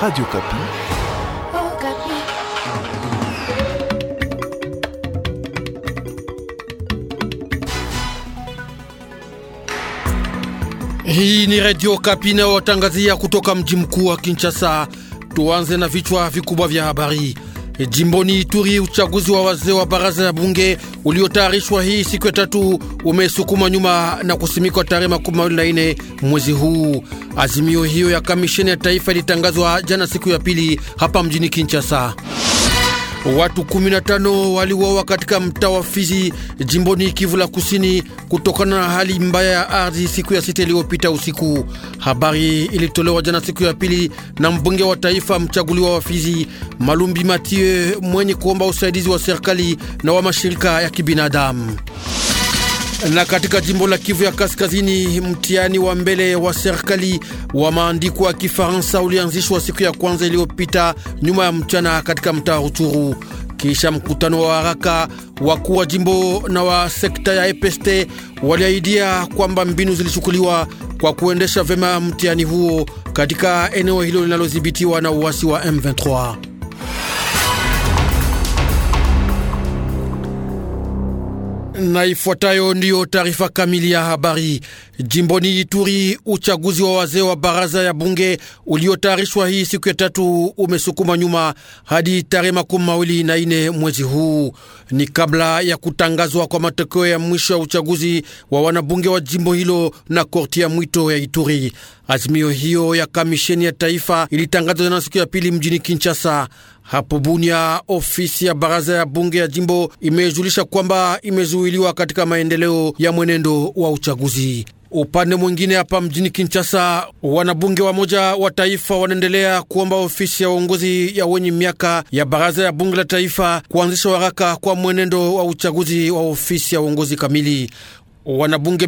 Radio Kapi. Oh, Kapi. Hii ni Radio Kapi na watangazia kutoka mji mkuu wa Kinshasa. Tuanze na vichwa vikubwa vya habari. Jimboni Ituri, uchaguzi wa wazee wa baraza ya bunge uliotayarishwa hii siku ya tatu umesukuma nyuma na kusimikwa tarehe makumi mawili na ine mwezi huu. Azimio hiyo ya kamisheni ya taifa ilitangazwa jana siku ya pili hapa mjini Kinshasa. Watu 15 waliuawa katika mtaa wa Fizi jimboni Kivu la Kusini kutokana na hali mbaya ya ardhi siku ya sita iliyopita usiku. Habari ilitolewa jana siku ya pili na mbunge wa taifa mchaguliwa wa Fizi Malumbi Mathieu mwenye kuomba usaidizi wa serikali na wa mashirika ya kibinadamu. Na katika jimbo la Kivu ya Kaskazini, mtihani wa mbele wa serikali wa maandiko ya Kifaransa ulianzishwa siku ya kwanza iliyopita nyuma ya mchana katika mtaa Ruchuru. Kisha mkutano wa haraka, wakuu wa jimbo na wa sekta ya EPST waliahidia kwamba mbinu zilichukuliwa kwa kuendesha vema mtihani huo katika eneo hilo linalodhibitiwa na uasi wa M23. na ifuatayo ndiyo taarifa kamili ya habari. Jimboni Ituri, uchaguzi wa wazee wa baraza ya bunge uliotayarishwa hii siku ya tatu umesukuma nyuma hadi tarehe makumi mawili na ine mwezi huu, ni kabla ya kutangazwa kwa matokeo ya mwisho ya uchaguzi wa wanabunge wa jimbo hilo na korti ya mwito ya Ituri. Azimio hiyo ya kamisheni ya taifa ilitangazwa jana siku ya pili mjini Kinshasa. Hapo Bunia, ofisi ya baraza ya bunge ya jimbo imejulisha kwamba imezuiliwa katika maendeleo ya mwenendo wa uchaguzi. Upande mwingine hapa mjini Kinshasa, wanabunge wa moja wa taifa wanaendelea kuomba ofisi ya uongozi ya wenye miaka ya baraza ya bunge la taifa kuanzisha waraka kwa mwenendo wa uchaguzi wa ofisi ya uongozi kamili. Wanabunge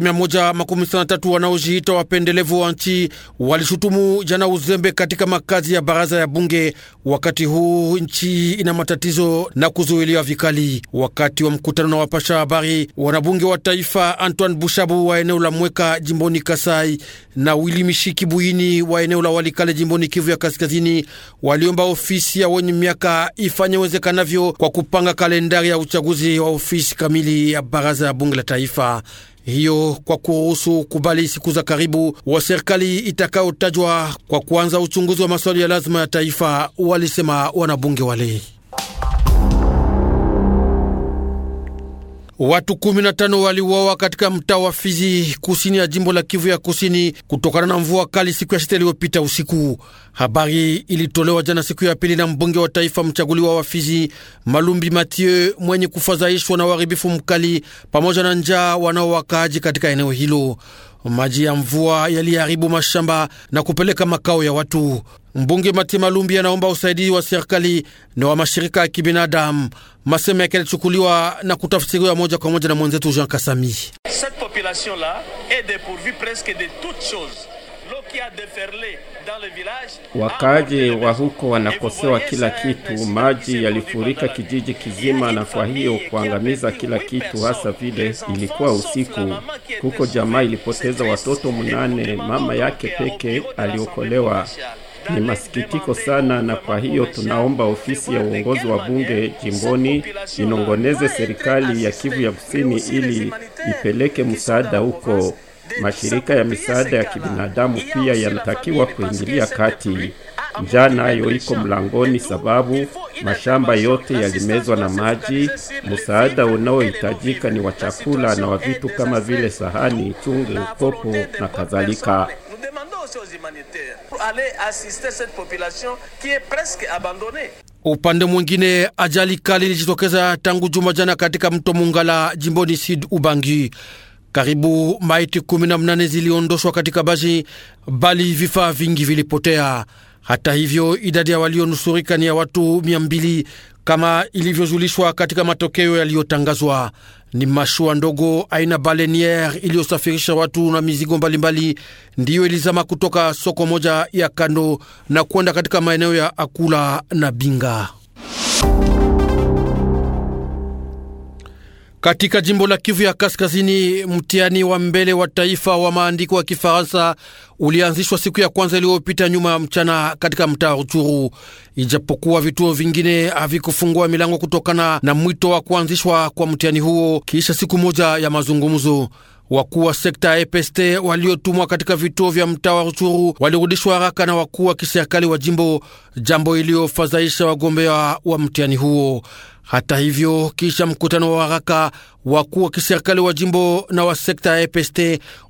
tatu wanaojiita wapendelevu wa nchi walishutumu jana uzembe katika makazi ya baraza ya bunge, wakati huu nchi ina matatizo na kuzuiliwa vikali. Wakati wa mkutano na wapasha habari, wanabunge wa taifa Antoine Bushabu wa eneo la Mweka jimboni Kasai na wili Mishiki Buini wa eneo la Walikale jimboni Kivu ya Kaskazini waliomba ofisi ya wenye miaka ifanye wezekanavyo kwa kupanga kalendari ya uchaguzi wa ofisi kamili ya baraza ya bunge la taifa hiyo kwa kuruhusu kubali siku za karibu wa serikali itakayotajwa kwa kuanza uchunguzi wa maswali ya lazima ya taifa, walisema wanabunge wale. Watu 15 waliuawa katika mtaa wa Fizi kusini ya jimbo la Kivu ya kusini kutokana na mvua kali siku ya sita iliyopita usiku. Habari ilitolewa jana siku ya pili na mbunge wa taifa mchaguliwa wa Fizi Malumbi Mathieu mwenye kufadhaishwa na uharibifu mkali pamoja na njaa wanaowakaaji katika eneo hilo. Maji ya mvua yaliharibu mashamba na kupeleka makao ya watu. Mbunge Matima Lumbi anaomba usaidizi wa serikali na wa mashirika ya kibinadamu. maseme yake yalichukuliwa na kutafsiriwa moja kwa moja na mwenzetu Jean Kasami. Cette population la est dépourvue presque de toute chose. L'eau qui a déferlé Wakaaji wa huko wanakosewa kila kitu. Maji yalifurika kijiji kizima, na kwa hiyo kuangamiza kila kitu, hasa vile ilikuwa usiku. Huko jamaa ilipoteza watoto mnane, mama yake peke aliokolewa. Ni masikitiko sana, na kwa hiyo tunaomba ofisi ya uongozi wa bunge jimboni inongoneze serikali ya Kivu ya Kusini ili ipeleke msaada huko. Mashirika ya misaada ya kibinadamu pia yanatakiwa kuingilia kati. Njaa nayo iko mlangoni, sababu mashamba yote yalimezwa na maji. Msaada unaohitajika ni wa chakula na wa vitu kama vile sahani, chungu, kopo na kadhalika. Upande mwingine, ajali kali ilijitokeza tangu juma jana katika mto Mungala jimboni Sud Ubangi. Karibu maiti mnane ziliondoshwa katika baji, bali vifaa vingi vilipotea. Hata hivyo, idadi ya walionusurika ni ya watu mia mbili kama ilivyojulishwa katika matokeo yaliyotangazwa. Ni mashua ndogo aina baleniere iliyosafirisha watu na mizigo mbalimbali ndiyo ilizama kutoka soko moja ya kando na kwenda katika maeneo ya Akula na Binga. Katika jimbo la Kivu ya Kaskazini, mtihani wa mbele wa taifa wa maandiko ya Kifaransa ulianzishwa siku ya kwanza iliyopita nyuma ya mchana katika mtaa Ruchuru, ijapokuwa vituo vingine havikufungua milango kutokana na mwito wa kuanzishwa kwa mtihani huo kisha siku moja ya mazungumzo. Wakuu wa sekta ya EPST waliotumwa katika vituo vya mtaa wa Ruchuru walirudishwa haraka na wakuu wa kiserikali wa jimbo, jambo iliyofadhaisha wagombea wa mtihani huo. Hata hivyo, kisha mkutano wa haraka, wakuu wa kiserikali wa jimbo na wa sekta ya EPST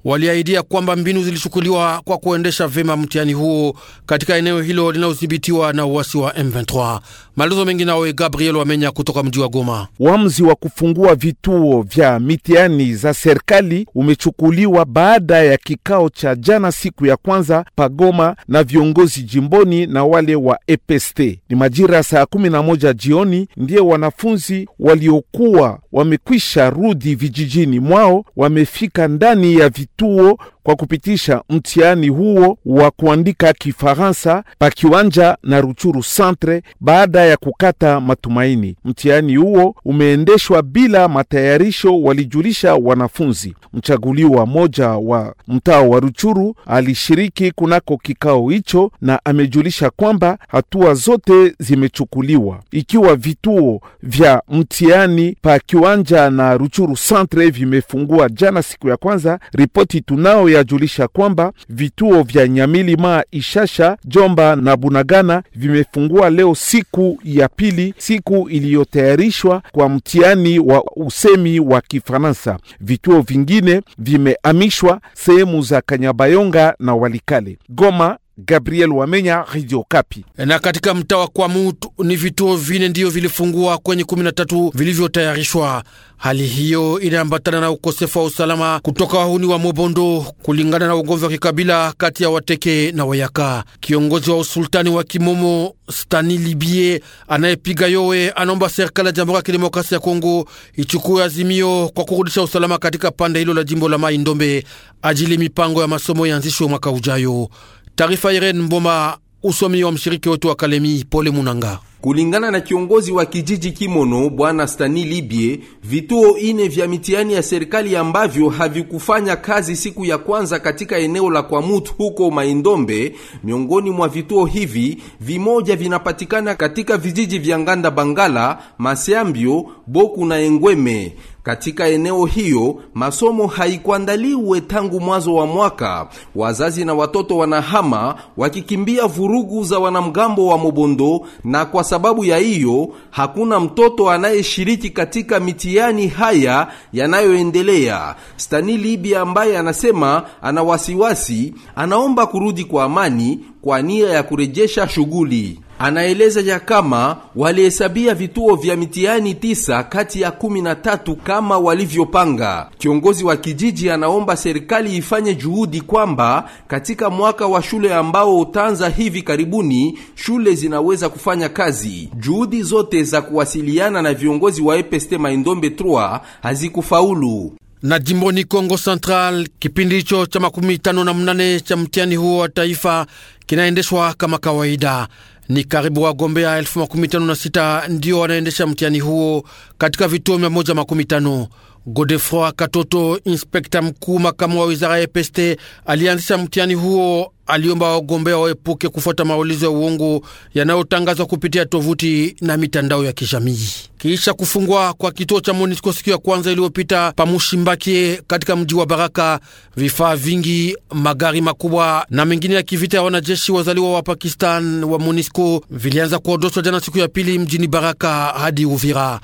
waliahidia kwamba mbinu zilichukuliwa kwa kuendesha vyema mtihani huo katika eneo hilo linalodhibitiwa na uasi wa M23. Maelezo mengi nawe Gabriel Wamenya kutoka mji wa Goma. Uamuzi wa kufungua vituo vya mitihani za serikali umechukuliwa baada ya kikao cha jana siku ya kwanza pagoma na viongozi jimboni na wale wa EPST. Ni majira saa 11 jioni ndiye wana wanafunzi waliokuwa wamekwisha rudi vijijini mwao wamefika ndani ya vituo kwa kupitisha mtihani huo wa kuandika Kifaransa pa kiwanja na Ruchuru Centre baada ya kukata matumaini. Mtihani huo umeendeshwa bila matayarisho, walijulisha wanafunzi. Mchaguliwa moja wa mtaa wa Ruchuru alishiriki kunako kikao hicho na amejulisha kwamba hatua zote zimechukuliwa, ikiwa vituo vya mtihani pa kiwanja na Ruchuru Centre vimefungua jana siku ya kwanza. Ripoti tunao yajulisha kwamba vituo vya Nyamilima, Ishasha, Jomba na Bunagana vimefungua leo siku ya pili, siku iliyotayarishwa kwa mtihani wa usemi wa Kifaransa. Vituo vingine vimehamishwa sehemu za Kanyabayonga na Walikale. Goma Gabriel Wamenya, Radio Kapi. Na katika mtaa wa kwamut ni vituo vine ndiyo vilifungua kwenye 13 vilivyotayarishwa. Hali hiyo inaambatana na ukosefu wa usalama kutoka wahuni wa Mobondo, kulingana na ugomvi wa kikabila kati ya Wateke na Wayaka. Kiongozi wa usultani wa Kimomo Stani Libie anayepiga yowe anaomba serikali ya Jamhuri ya Kidemokrasia ya Kongo ichukue azimio kwa kurudisha usalama katika pande hilo la jimbo la Mai Ndombe ajili mipango ya masomo yanzishwe mwaka ujayo. Taarifa Irene Mboma, usomi wa mshiriki wetu wa Kalemi, Pole Munanga. Kulingana na kiongozi wa kijiji Kimono bwana Stani Libye, vituo ine vya mitihani ya serikali ambavyo havikufanya kazi siku ya kwanza katika eneo la Kwamut huko Maindombe. Miongoni mwa vituo hivi vimoja vinapatikana katika vijiji vya Nganda Bangala, Masiambio, Boku na Engweme. Katika eneo hiyo masomo haikuandaliwe tangu mwanzo wa mwaka. Wazazi na watoto wanahama wakikimbia vurugu za wanamgambo wa Mobondo, na kwa sababu ya hiyo hakuna mtoto anayeshiriki katika mitihani haya yanayoendelea. Stani Libia ambaye anasema ana wasiwasi, anaomba kurudi kwa amani kwa nia ya kurejesha shughuli. Anaeleza ya kama walihesabia vituo vya mitihani tisa kati ya kumi na tatu kama walivyopanga. Kiongozi wa kijiji anaomba serikali ifanye juhudi kwamba katika mwaka wa shule ambao utaanza hivi karibuni, shule zinaweza kufanya kazi. Juhudi zote za kuwasiliana na viongozi wa EPST Maindombe 3 hazikufaulu na jimboni Kongo Central, kipindi hicho cha makumi tano na mnane cha mtihani huo wa taifa kinaendeshwa kama kawaida. Ni karibu wagombea elfu makumi tano na sita ndio wanaendesha mtihani huo katika vituo mia moja makumi tano. Godefroi Katoto, inspekta mkuu makamu wa wizara ya peste, alianzisha mtihani huo aliomba wagombea waepuke kufuata maulizo ya uongo yanayotangazwa kupitia tovuti na mitandao ya kijamii. Kisha kufungwa kwa kituo cha MONUSCO siku ya kwanza iliyopita Pamushimbakie katika mji wa Baraka, vifaa vingi, magari makubwa na mengine ya kivita ya wanajeshi wazaliwa wa Pakistan wa MONUSCO vilianza kuondoshwa jana siku ya pili mjini Baraka hadi Uvira.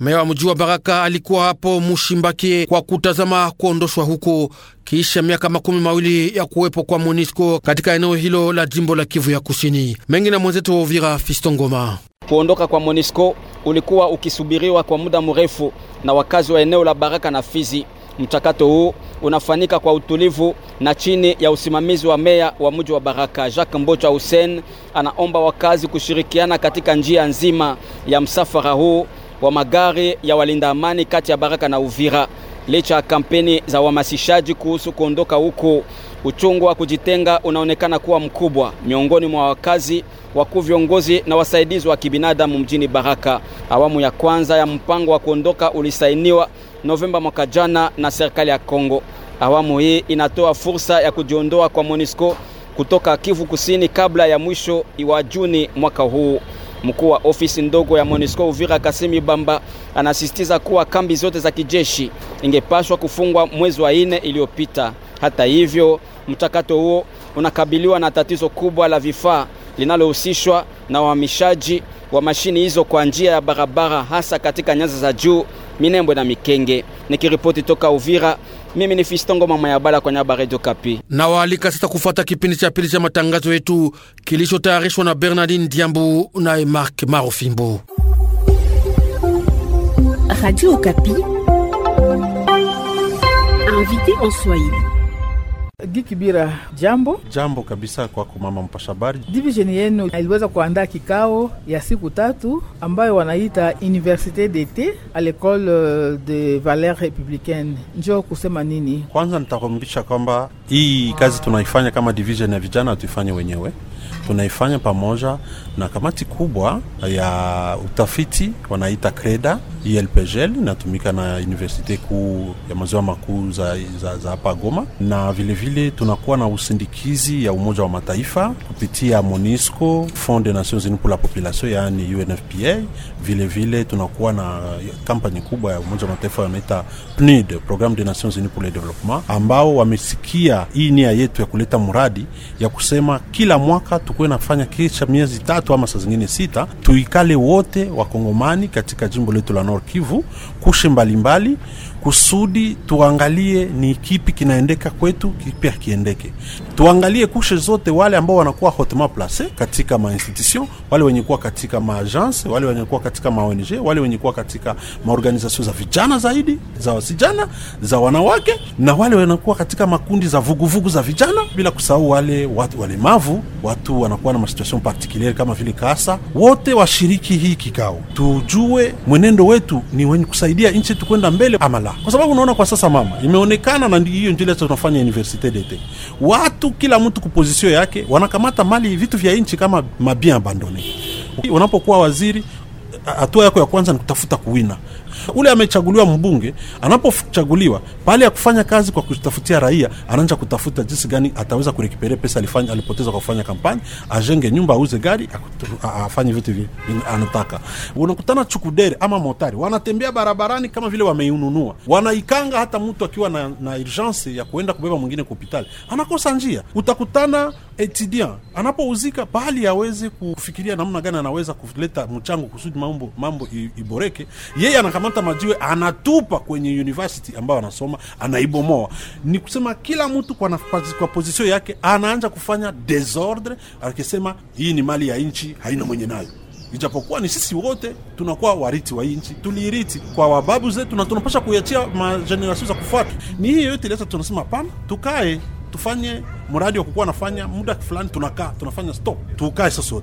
Meya wa mji wa Baraka alikuwa hapo Mushimbaki kwa kutazama kuondoshwa huko kisha miaka makumi mawili ya kuwepo kwa MONUSCO katika eneo hilo la jimbo la Kivu ya Kusini. Mengi na mwenzetu wa Uvira, fistongoma Kuondoka kwa MONUSCO ulikuwa ukisubiriwa kwa muda mrefu na wakazi wa eneo la Baraka na Fizi. Mchakato huu unafanyika kwa utulivu na chini ya usimamizi wa meya wa mji wa Baraka Jacques Mbocha Hussein. Anaomba wakazi kushirikiana katika njia nzima ya msafara huu wa magari ya walinda amani kati ya Baraka na Uvira. Licha ya kampeni za uhamasishaji kuhusu kuondoka huko, uchungu wa kujitenga unaonekana kuwa mkubwa miongoni mwa wakazi, wakuu, viongozi na wasaidizi wa kibinadamu mjini Baraka. Awamu ya kwanza ya mpango wa kuondoka ulisainiwa Novemba mwaka jana na serikali ya Kongo. Awamu hii inatoa fursa ya kujiondoa kwa MONUSCO kutoka Kivu Kusini kabla ya mwisho wa Juni mwaka huu. Mkuu wa ofisi ndogo ya MONUSCO Uvira, Kasimi Bamba, anasisitiza kuwa kambi zote za kijeshi ingepashwa kufungwa mwezi wa nne iliyopita. Hata hivyo, mchakato huo unakabiliwa na tatizo kubwa la vifaa linalohusishwa na uhamishaji wa mashini hizo kwa njia ya barabara, hasa katika nyanza za juu, Minembwe na Mikenge. Nikiripoti toka Uvira. Mimi ni Fistongo mama ya bala kwenye habari Radio Kapi. Na waalika sasa kufuata kipindi cha pili cha matangazo yetu kilichotayarishwa na Bernardine Diambu na Mark Marofimbo. Radio Kapi. Invité en Swahili gikibira jambo jambo kabisa kwako mama mpashabari habari. Division yenu iliweza kuandaa kikao ya siku tatu ambayo wanaita Universite d'Ete a l'Ecole de valeur Republicaine, njo kusema nini? Kwanza nitakumbisha kwamba hii kazi tunaifanya kama division ya vijana, hatuifanye wenyewe, tunaifanya pamoja na kamati kubwa ya utafiti wanaita Kreda ILPGL inatumika na universite kuu ya maziwa makuu za, za, za hapa Goma, na vilevile vile tunakuwa na usindikizi ya Umoja wa Mataifa kupitia monisco Fond des Nations Unies pour la Population, yaani UNFPA. Vilevile vile tunakuwa na kampani kubwa ya Umoja wa Mataifa wanaita pnid Programme de Nations Unies pour le Développement, ambao wamesikia hii nia yetu ya kuleta mradi ya kusema kila mwaka tukuwe nafanya kisha miezi tatu tatu ama saa zingine sita, tuikale wote wakongomani katika jimbo letu la Nord Kivu, kushe mbalimbali mbali, kusudi tuangalie ni kipi kinaendeka kwetu, kipi hakiendeke. Tuangalie kushe zote, wale ambao wanakuwa hautement place katika mainstitution, wale wenye kuwa katika maagence, wale wenye kuwa katika maONG, wale wenye kuwa katika maorganization za vijana zaidi za wasijana za wanawake, na wale wanakuwa katika makundi za vuguvugu vugu za vijana, bila kusahau wale watu walemavu, watu wanakuwa na masituation particuliere kama vile kasa. Wote washiriki hii kikao, tujue mwenendo wetu ni wenye kusaidia nchi yetu kwenda mbele ama la mahala, kwa sababu unaona kwa sasa mama, imeonekana na hiyo ndio tunafanya universite dete, watu kila mtu kupozisio yake wanakamata mali vitu vya nchi kama mabia abandone. Unapokuwa waziri, hatua yako ya kwanza ni kutafuta kuwina Ule amechaguliwa mbunge, anapochaguliwa pale ya kufanya kazi kwa kutafutia raia, anaanza kutafuta jinsi gani ataweza kurekipere pesa alifanya alipoteza kwa kufanya kampani, ajenge nyumba, auze gari, afanye vitu vile anataka. Unakutana chukudere ama motari wanatembea barabarani kama vile wameinunua, wanaikanga. Hata mtu akiwa na, na urgence ya kuenda kubeba mwingine kwa hospitali anakosa njia. Utakutana etudiant anapouzika bali aweze kufikiria namna gani anaweza kuleta mchango kusudi mambo mambo iboreke, yeye ana anakamata majiwe anatupa kwenye university ambayo anasoma, anaibomoa. Ni kusema kila mtu kwa, kwa pozisio yake anaanza kufanya desordre, akisema hii ni mali ya nchi, haina mwenye nayo ijapokuwa ni sisi wote tunakuwa wariti wa nchi, tuliiriti kwa wababu zetu na tunapasha kuiachia majenerasio za kufuata. Ni hiyo yote ileta, tunasema hapana, tukae tufanye mradi wa kukuwa anafanya muda fulani, tunakaa tunafanya stop, tukae sasa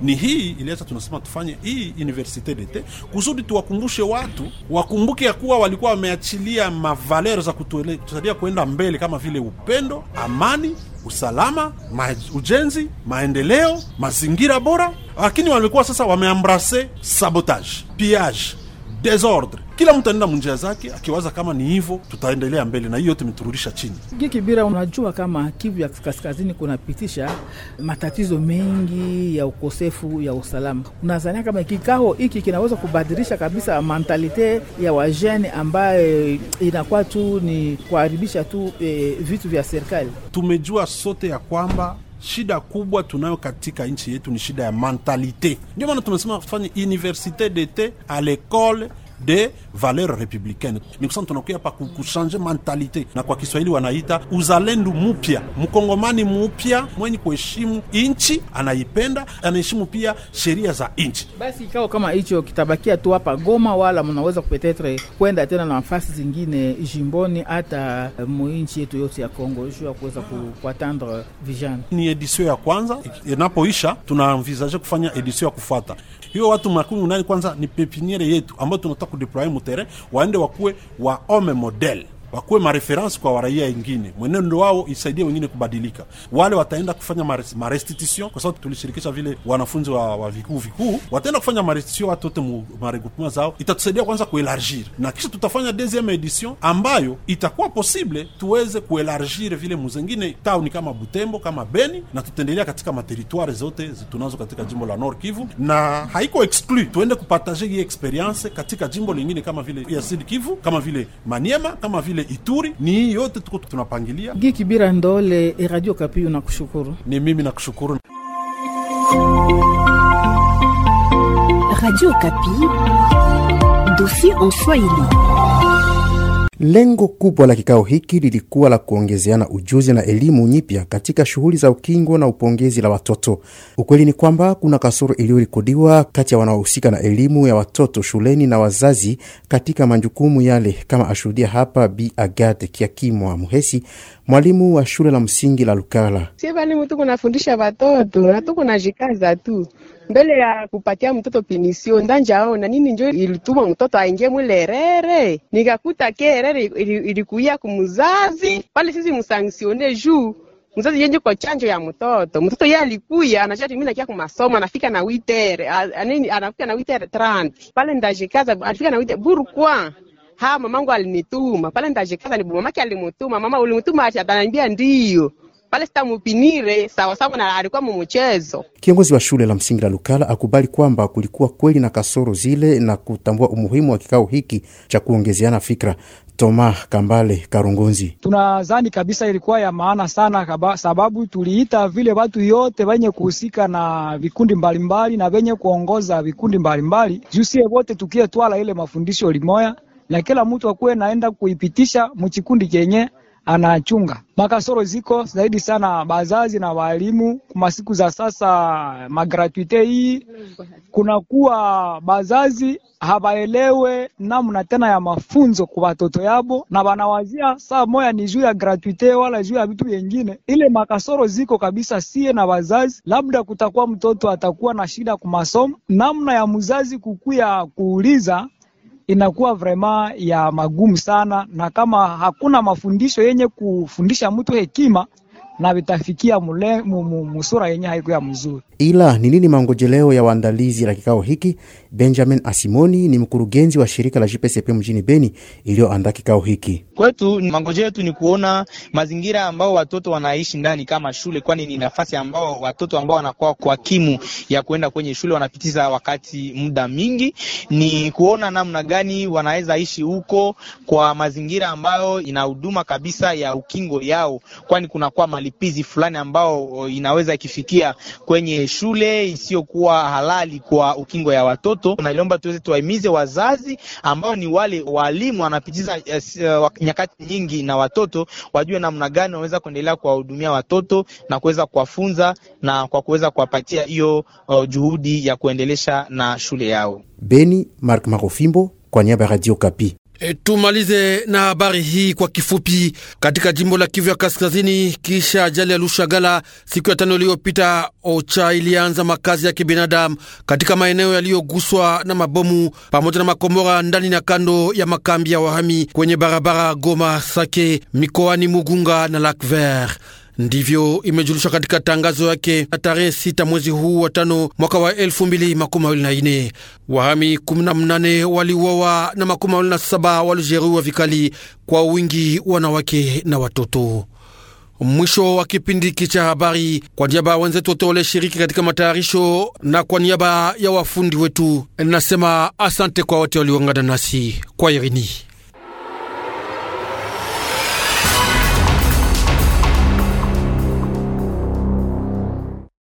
ni hii iliacha tunasema tufanye hii universite dete kusudi tuwakumbushe watu wakumbuke ya kuwa walikuwa wameachilia mavalero za kutusaidia kuenda mbele kama vile upendo, amani, usalama, ma ujenzi, maendeleo, mazingira bora, lakini walikuwa sasa wameambrase sabotage, piage desordre. Kila mtu anaenda munjia zake akiwaza kama ni hivyo tutaendelea mbele, na hiyo yote imeturudisha chini. Gikibira, unajua kama Kivu ya kaskazini kunapitisha matatizo mengi ya ukosefu ya usalama. Unazania kama kikao hiki kinaweza kubadilisha kabisa mentalite ya wajene ambaye inakuwa tu ni kuharibisha tu e, vitu vya serikali. Tumejua sote ya kwamba shida kubwa tunayo katika nchi yetu ni shida ya mentalite. Ndio maana tumesema tufanye universite dete a l'ecole des valeurs républicaine mikisa tunakuya pa kushanje mentalite na kwa Kiswahili wanaita uzalendo mupya. Mkongomani mupya mwenye kuheshimu inchi, anaipenda anaheshimu pia sheria za inchi. Basi ikawa kama hicho kitabakia tu hapa Goma, wala mnaweza kupetetre kwenda tena na nafasi zingine jimboni, hata eh, muinchi yetu yote ya Kongo juu ya kuweza kuatendre vision. Ni edition ya kwanza, inapoisha tunaenvisaje kufanya edition ya kufuata. Hiyo watu makumi nani kwanza ni pepiniere yetu ambayo tunataka kudeploye mu terrain waende wakuwe wa homme model wakuwe mareferansi kwa waraia wengine, mwenendo wao isaidie wengine kubadilika. Wale wataenda kufanya marestitisio, kwa sababu tulishirikisha vile wanafunzi wa, wa vikuu vikuu wataenda kufanya marestitisio watu wote maregroupement zao, itatusaidia kwanza kuelargir, na kisha tutafanya deuxième edition ambayo itakuwa posible tuweze kuelargir vile muzengine tauni kama Butembo kama Beni, na tutaendelea katika materitoire zote tunazo katika jimbo la Nord Kivu, na haiko exclu tuende kupartage hii experience katika jimbo lingine kama vile ya Sud Kivu, kama vile Maniema, kama vile vile Ituri. Ni hii yote tuko tunapangilia. Giki Bira Ndole, e, Radio Kapi, unakushukuru. Ni mimi nakushukuru. Radio Kapi, dossier en Swahili. Lengo kubwa la kikao hiki lilikuwa la kuongezeana ujuzi na elimu nyipya katika shughuli za ukingo na upongezi la watoto. Ukweli ni kwamba kuna kasoro iliyorekodiwa kati ya wanaohusika na elimu ya watoto shuleni na wazazi katika majukumu yale, kama ashuhudia hapa Bi Agate Kiakimwa Muhesi, mwalimu wa shule la msingi la Lukala. Sie bali watoto na tu mbele ya kupatia mtoto pinisio ndanjaona nini njo ilituma mtoto aingie mwilerere, nikakuta ke erere ilikuya kumuzazi pale, sisi musanksione juu mzazi yenye kwa chanjo ya mtoto. Mtoto yeye alikuya anajati mimi nakia kumasomo, anafika na witere anini, anafika na witere trant pale ndajikaza, anafika na witere burukwa ha mamangu alinituma pale ndajikaza, ni mama alimutuma, mama ulimutuma, acha ataniambia ndiyo pale sitamupinire sawasawa na alikuwa mumuchezo. Kiongozi wa shule la msingi la Lukala akubali kwamba kulikuwa kweli na kasoro zile na kutambua umuhimu wa kikao hiki cha kuongezeana fikra. Toma Kambale Karungonzi: tunazani kabisa ilikuwa ya maana sana kaba, sababu tuliita vile watu yote wenye kuhusika na vikundi mbalimbali mbali, na wenye kuongoza vikundi mbalimbali jusie wote tukie twala ile mafundisho limoya na kila mtu akuwe naenda kuipitisha mchikundi chenye anachunga. Makasoro ziko zaidi sana bazazi na walimu. Kuma siku za sasa magratuite hii kunakuwa bazazi habaelewe namna tena ya mafunzo kwa watoto yabo, na wanawazia saa moya ni juu ya gratuite wala juu ya vitu vingine. Ile makasoro ziko kabisa, sie na wazazi, labda kutakuwa mtoto atakuwa na shida kumasomo, namna ya mzazi kukuya kuuliza inakuwa vrema ya magumu sana, na kama hakuna mafundisho yenye kufundisha mtu hekima na vitafikia msura yenye haikuya mzuri. Ila ni nini mangojeleo ya waandalizi la kikao hiki? Benjamin Asimoni ni mkurugenzi wa shirika la JPCP mjini Beni iliyoandaa kikao hiki. Kwetu mangoje yetu ni kuona mazingira ambao watoto wanaishi ndani kama shule, kwani ni nafasi ambao watoto ambao wanakuwa kwa kimu ya kuenda kwenye shule wanapitiza wakati muda mingi. Ni kuona namna gani wanaweza ishi huko kwa mazingira ambayo ina huduma kabisa ya ukingo yao, kwani kunakuwa mali walipizi fulani ambao inaweza ikifikia kwenye shule isiyokuwa halali kwa ukingo ya watoto. Naliomba tuweze tuwahimize wazazi ambao ni wale walimu wanapitiza uh, eh, nyakati nyingi na watoto, wajue namna gani wanaweza kuendelea kuwahudumia watoto na kuweza kuwafunza na kwa kuweza kuwapatia hiyo uh, juhudi ya kuendelesha na shule yao. Beni, Mark Marofimbo kwa niaba ya Radio Kapi. E, tumalize na habari hii kwa kifupi. Katika jimbo la Kivu ya Kaskazini, kisha ajali ya Lushagala siku ya tano iliyopita, OCHA ilianza makazi ya kibinadamu katika maeneo yaliyoguswa na mabomu pamoja na makombora ndani na kando ya makambi ya wahami kwenye barabara Goma Sake mikoani Mugunga na Lac Vert. Ndivyo imejulishwa katika tangazo yake na tarehe sita mwezi huu wa tano mwaka wa elfu mbili makumi mawili na ine. Wahami kumi na mnane waliuawa na makumi mawili na saba walijeruhiwa vikali, kwa wingi wanawake na watoto. Mwisho wa kipindi hiki cha habari, kwa niaba wenzetu wote walioshiriki katika matayarisho na kwa niaba ya wafundi wetu, nasema asante kwa wote walioungana nasi kwa irini.